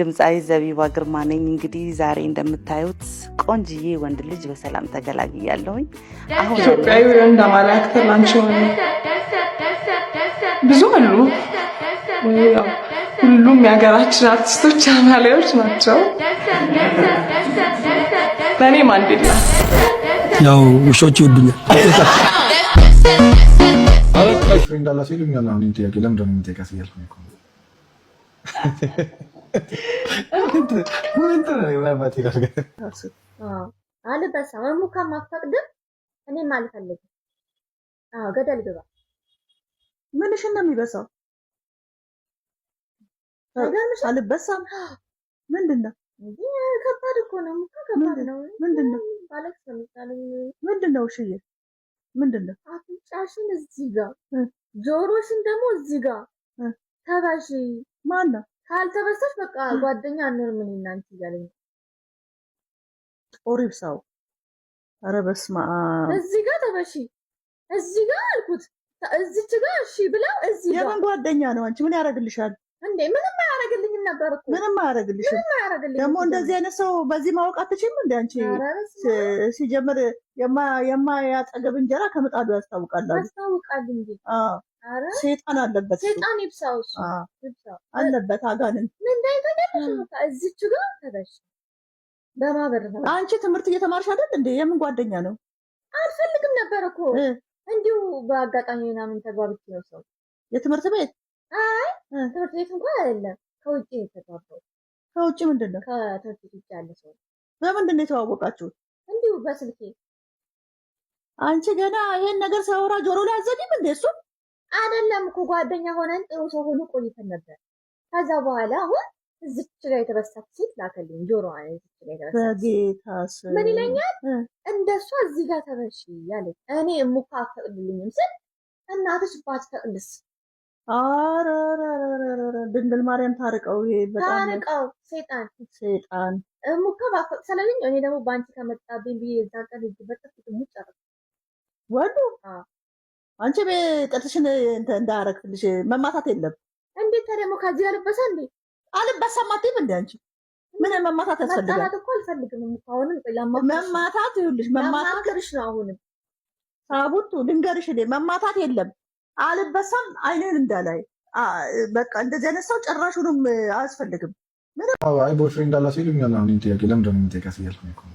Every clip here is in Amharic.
ድምፃዊ ዘቢባ ግርማ ነኝ። እንግዲህ ዛሬ እንደምታዩት ቆንጅዬ ወንድ ልጅ በሰላም ተገላግያለሁኝ። አሁን ኢትዮጵያዊ ወንድ አማላክ አክተር ብዙ አሉ። ሁሉም የሀገራችን አርቲስቶች አማላዮች ናቸው። በእኔ አንዴላ ያው ውሾች ይወዱኛል። እንዳላቸው ይሉኛል። አሁን ጥያቄ ለምንድነው እያልኩ አልበሳም ሙካ አፈቅድም እኔም አልፈልግም። አዎ ገደል ግባ። ምንሽ ነው የሚበሳው? አልበሳም ምንድን ነው? ከባድ እኮ ነው። ሙካ ከባድ ነው። ምንድን ነው? ምንድን ነው? ሽዬ? ምንድን ነው? አፍንጫሽን እዚህ ጋር ጆሮሽን ደግሞ እዚህ ጋር ተባሽ ማን ነው ካልተበሰች በቃ ጓደኛ አንሆንም እኔና አንቺ እያለኝ ኦሪብ ሰው ኧረ በስመ አብ እዚህ ጋር ተበሺ እዚህ ጋር አልኩት እዚች ጋር እሺ ብለው እዚህ ጋር የምን ጓደኛ ነው አንቺ ምን ያደርግልሻል እንዴ ምንም አያደርግልኝም ነበር እኮ ምንም አያደርግልሽም ደግሞ እንደዚህ አይነት ሰው በዚህ ማወቅ አትችልም እንዴ አንቺ ሲጀምር የማያጠገብ እንጀራ ከምጣዱ ያስታውቃል አዎ ሴጣን አለበት፣ ሴጣን ይብሳው አለበት፣ አጋንን እዚች ጋር ተበሽ በማበር አንቺ ትምህርት እየተማርሽ አይደል እንዴ? የምን ጓደኛ ነው? አልፈልግም ነበር እኮ እንዲሁ በአጋጣሚ ምናምን ተግባብቼ ነው ሰው የትምህርት ቤት አይ ትምህርት ቤት እንኳን አይደለም ከውጭ የተግባባው። ከውጭ ምንድን ነው? ከትምህርት ቤት ውጭ ያለ ሰው። በምንድን ነው የተዋወቃችሁት? እንዲሁ በስልኬ። አንቺ ገና ይሄን ነገር ሲያወራ ጆሮ ላይ አዘጊም እንዴ? እሱም አይደለም እኮ ጓደኛ ሆነን ጥሩ ሰው ሆኖ ቆይተን ነበር። ከዛ በኋላ አሁን እዚች ላይ የተበሳት ሴት ላከልኝ ጆሮ ምን ይለኛል? እንደሷ እዚህ ጋር ተበሽ ያለ እኔ እሙካ አትፈቅድልኝም ስል እናትሽ ባትፈቅድስ? ድንግል ማርያም ታርቀው ታርቀው ሴጣን ሴጣን እሙካ ባፈቅ ስለልኝ እኔ ደግሞ በአንቺ ከመጣብኝ ብዬ የዛን ቀን እጅ በጥፍ ሙጭ ወዱ አንቺ ቅልሽን እንዳረግልሽ መማታት የለም እንዴት? ታዲያ ሞ ከዚህ አልበሳ እንዴ አልበሳም አትይም እንደ አንቺ ምን መማታት ያስፈልጋል? መማታት እኮ መማታትሽ ነው። አሁንም ሳቡቱ ልንገርሽ፣ እኔ መማታት የለም አልበሳም፣ አይንን እንዳላይ በቃ እንደዚህ አይነት ሰው ጭራሹንም አያስፈልግም። አይ ቦይፍሬንድ እንዳላት ይሉኛል። አሁን ጥያቄ ለምንድን ነው የምጠይቃት እያልኩ ነው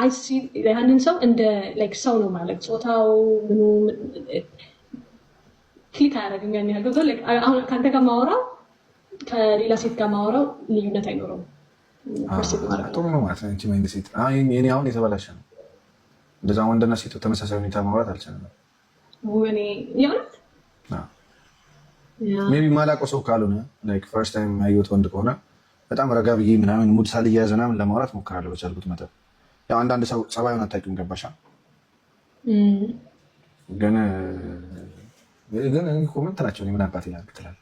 አይሲ ያንን ሰው እንደ ላይክ ሰው ነው ማለት ጾታው ምኑ ክሊክ አያደርግም። ያን ያህል ገብቶ አሁን ከአንተ ጋር ማወራው ከሌላ ሴት ጋር ማወራው ልዩነት አይኖረውም። ጥሩ ነው ማለት ነው። ወንድ ሴት እኔ አሁን የተበላሸ ነው። እንደዛ ወንድና ሴት ተመሳሳይ ሁኔታ ማውራት አልችልም። ሜይ ቢ ማላውቀው ሰው ካልሆነ ላይክ ፈርስት ታይም ያየሁት ወንድ ከሆነ በጣም ረጋ ብዬ ምናምን ሙድ ሳልያያዝ ምናምን ለማውራት ሞክራለሁ በቻልኩት መጠን አንዳንድ ሰው ጸባዩን አታውቂም። ገባሻ? ግን ግን ኮመንት ናቸው ምን አባት ይላል ትላል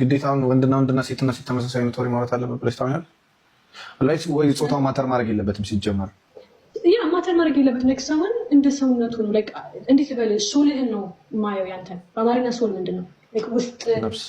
ግዴታውን ወንድና ወንድና ሴትና ሴት ተመሳሳይ አይነት ማውራት አለበት ብለሽ ታምኛለሽ? ላይ ወይ ፆታው ማተር ማድረግ የለበትም ሲጀመር አንተ ማድረግ የለበትም። ላይክ ሰውን እንደ ሰውነቱ ነው። እንዴት ልበልህ፣ ሶልህን ነው የማየው። ያንተ በአማርኛ ሶል ምንድን ነው? ውስጥ ነብስ።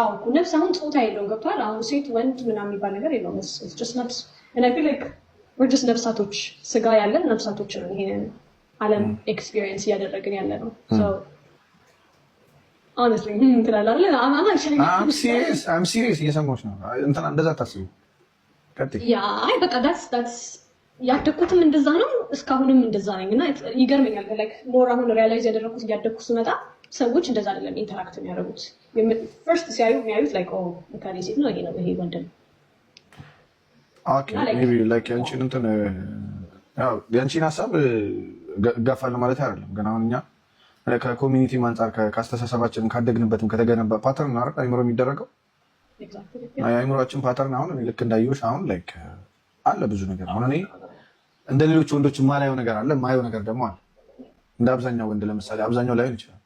አዎ ነብስ። አሁን ፆታ የለውም ገብቷል። አሁን ሴት ወንድ ምናምን የሚባል ነገር የለውም። ስ ነፍስ ስጋ ያለን ነብሳቶች ነው። ይሄንን አለም ኤክስፒሪየንስ እያደረግን ያለ ነው። እየሰማሁሽ ነው። እንደዛ ታስቡ። ቀጥይ። አይ በቃ ዳትስ ዳትስ ያደግኩትም እንደዛ ነው፣ እስካሁንም እንደዛ ነኝ እና ይገርመኛል። ላይክ ሞር አሁን ሪያላይዝ ያደረኩት እያደግኩ ስመጣ ሰዎች እንደዛ አይደለም ኢንተራክት የሚያደርጉት። ፈርስት ሲያዩ የሚያዩት ላይክ oh, ምካሌ ሴት ነው፣ ይሄ ነው፣ ይሄ ወንድ ነው። ያንቺን ሀሳብ እጋፋለሁ ማለት አይደለም፣ ግን አሁን እኛ ከኮሚኒቲ አንጻር ከአስተሳሰባችንም ካደግንበትም ከተገነባ ፓተርን አረ አይምሮ የሚደረገው የአይምሮችን ፓተርን አሁን ልክ እንዳየሁሽ አሁን ላይክ አለ ብዙ ነገር አሁን እኔ እንደ ሌሎች ወንዶች ማላየው ነገር አለ፣ ማየው ነገር ደግሞ አለ። እንደ አብዛኛው ወንድ ለምሳሌ አብዛኛው ላይሆን ይችላል።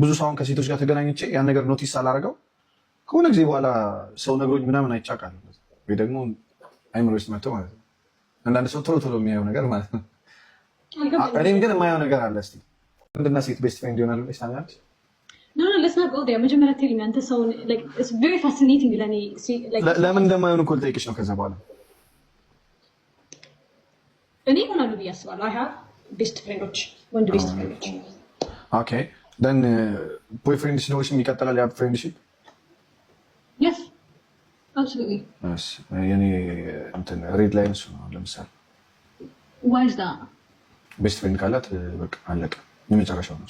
ብዙ ሰውን ከሴቶች ጋር ተገናኝቼ ያን ነገር ኖቲስ አላደርገው ከሆነ ጊዜ በኋላ ሰው ነግሮኝ ምናምን አይቻቃል ወይ ደግሞ አይምሮ ውስጥ መጥተው ማለት ነው። አንዳንድ ሰው ቶሎ ቶሎ የሚያየው ነገር ማለት ነው። እኔም ግን የማየው ነገር አለ። እስኪ ወንድና ሴት ቤስት ፍሬንድ ይሆናሉ ሳሚያች ለምን እንደማይሆን እኮ ልጠይቅሽ ነው ከዛ በኋላ እኔ ሆናሉ ብዬ አስባለሁ። አይ ቤስት ፍሬንዶች ወንድ ቤስት ፍሬንዶች ኦኬ ደን ቦይ ፍሬንድ ሲኖርሽ ይቀጥላል ያ ፍሬንድሽፕ ሬድ ላይን እሱ ነው። ለምሳሌ ቤስት ፍሬንድ ካላት uh, በቃ አለቀ፣ የመጨረሻው ነው።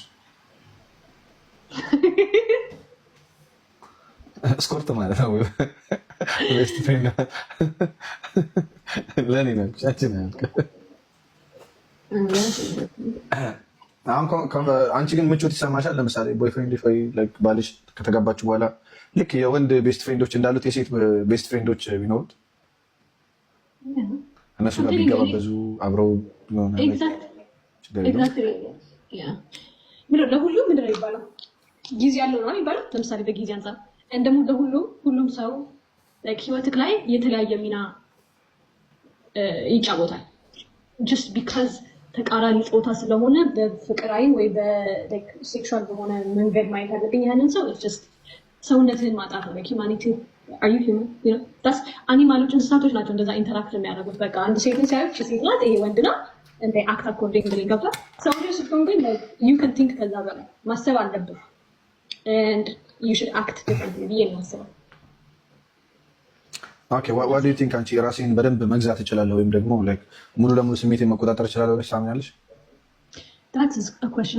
እስኮርት ማለት ነው ቤስት ፍሬንድ ለእኔ ነው። አሁን አንቺ ግን ምቾት ይሰማሻል? ለምሳሌ ቦይፍሬንድ ወይ ባልሽ ከተጋባችሁ በኋላ ልክ የወንድ ቤስት ፍሬንዶች እንዳሉት የሴት ቤስት ፍሬንዶች ቢኖሩት እነሱ ጋር ቢገባበዙ አብረው ለሁሉም ምንድን ነው የሚባለው ጊዜ ያለው ነው የሚባለው። ለምሳሌ በጊዜ አንጻር እንደሞ ለሁሉም ሁሉም ሰው ህይወትክ ላይ የተለያየ ሚና ይጫወታል ጀስት ቢካዝ ተቃራኒ ፆታ ስለሆነ በፍቅር አይን ወይ በሴክሹዋል በሆነ መንገድ ማየት አለብኝ ያንን ሰው ስ ሰውነትህን ማጣት ነው። ሂማኒቲ አኒማሎች እንስሳቶች ናቸው እንደዛ ኢንተራክት የሚያደርጉት በቃ አንድ ሴትን ሲያዩች ሴት ናት ይሄ ወንድ ነው እንደ አክት አኮርዲንግ ብል ገብቷል። ሰው ስትሆን ግን ዩ ከን ቲንክ ከዛ በላይ ማሰብ አለብን። ዩ ሽድ አክት ዲፍረንት ብዬ ማስባል ቲንክ አንቺ ራሴን በደንብ መግዛት እችላለሁ ወይም ደግሞ ሙሉ ለሙሉ ስሜት መቆጣጠር እችላለሁ ብለሽ ታምናለሽ?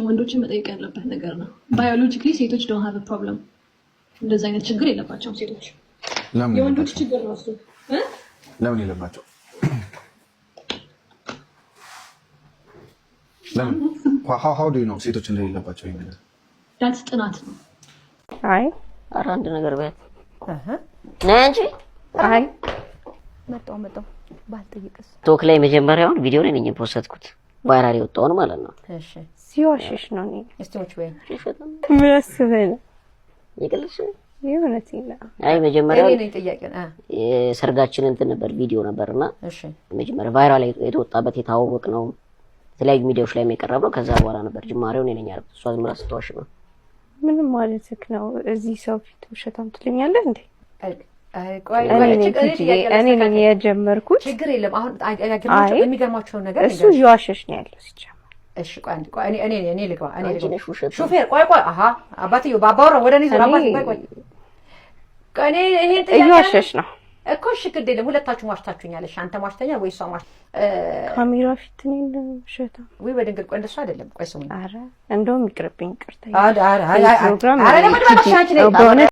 ወንዶችን መጠየቅ ያለበት ነገር ነው። ባዮሎጂካሊ ሴቶች ዶን ሀቭ ፕሮብለም፣ እንደዚ አይነት ችግር የለባቸውም ሴቶች። የወንዶች ችግር ነው እሱ። ለምን የለባቸው? ሀው ዱ ነው ሴቶች እንደሌለባቸው ጥናት ነው። አይ አንድ ነገር ቢያት አይ መጣው መጣው ባልጠይቅስ ቶክ ላይ መጀመሪያውን ቪዲዮ ላይ ነኝ የፖስትኩት ቫይራል የወጣውን ማለት ነው። እሺ ሲዋሽሽ ነው ነኝ እስቲዎች ወይ ምን አስበህ ነው ይቅልሽ የእውነት ይላ አይ መጀመሪያ እኔ ነኝ ጥያቄ አ ሰርጋችን እንትን ነበር ቪዲዮ ነበርና፣ እሺ መጀመሪያ ቫይራል የተወጣበት የታወቅ ነው የተለያዩ ሚዲያዎች ላይ የቀረብ ነው። ከዛ በኋላ ነበር ጅማሬው እኔ ነኝ ያልኩት። እሷ ዝም ብላ ስትዋሽ ነው። ምንም ማለትክ ነው? እዚህ ሰው ፊት ውሸታም ትለኛለህ እንዴ? እኔ ነኝ የጀመርኩት። ችግር የለም። አሁን የሚገርማቸው ነገር እሱ እየዋሸሽ ነው ያለው ሲጀምር እሺ ቆይ ቆይ፣ እኔ እኔ ልግባ እኔ ልግባ። ሹፌር ቆይ ቆይ፣ አሀ አባትዬው ወደ እኔ ዞር። ቆይ ቆይ፣ እኔ እየዋሸሽ ነው እኮ። እሺ ግድ የለም ሁለታችሁም ዋሽታችሁኛል። እሺ አንተ ወይ እሷ ዋሽ ካሜራ ፊት እኔ ወይ በድንግል ቆይ፣ እንደሱ አይደለም። ቆይ እንደሱ አይደለም ቆይ እንደውም ይቅርብኝ፣ አረ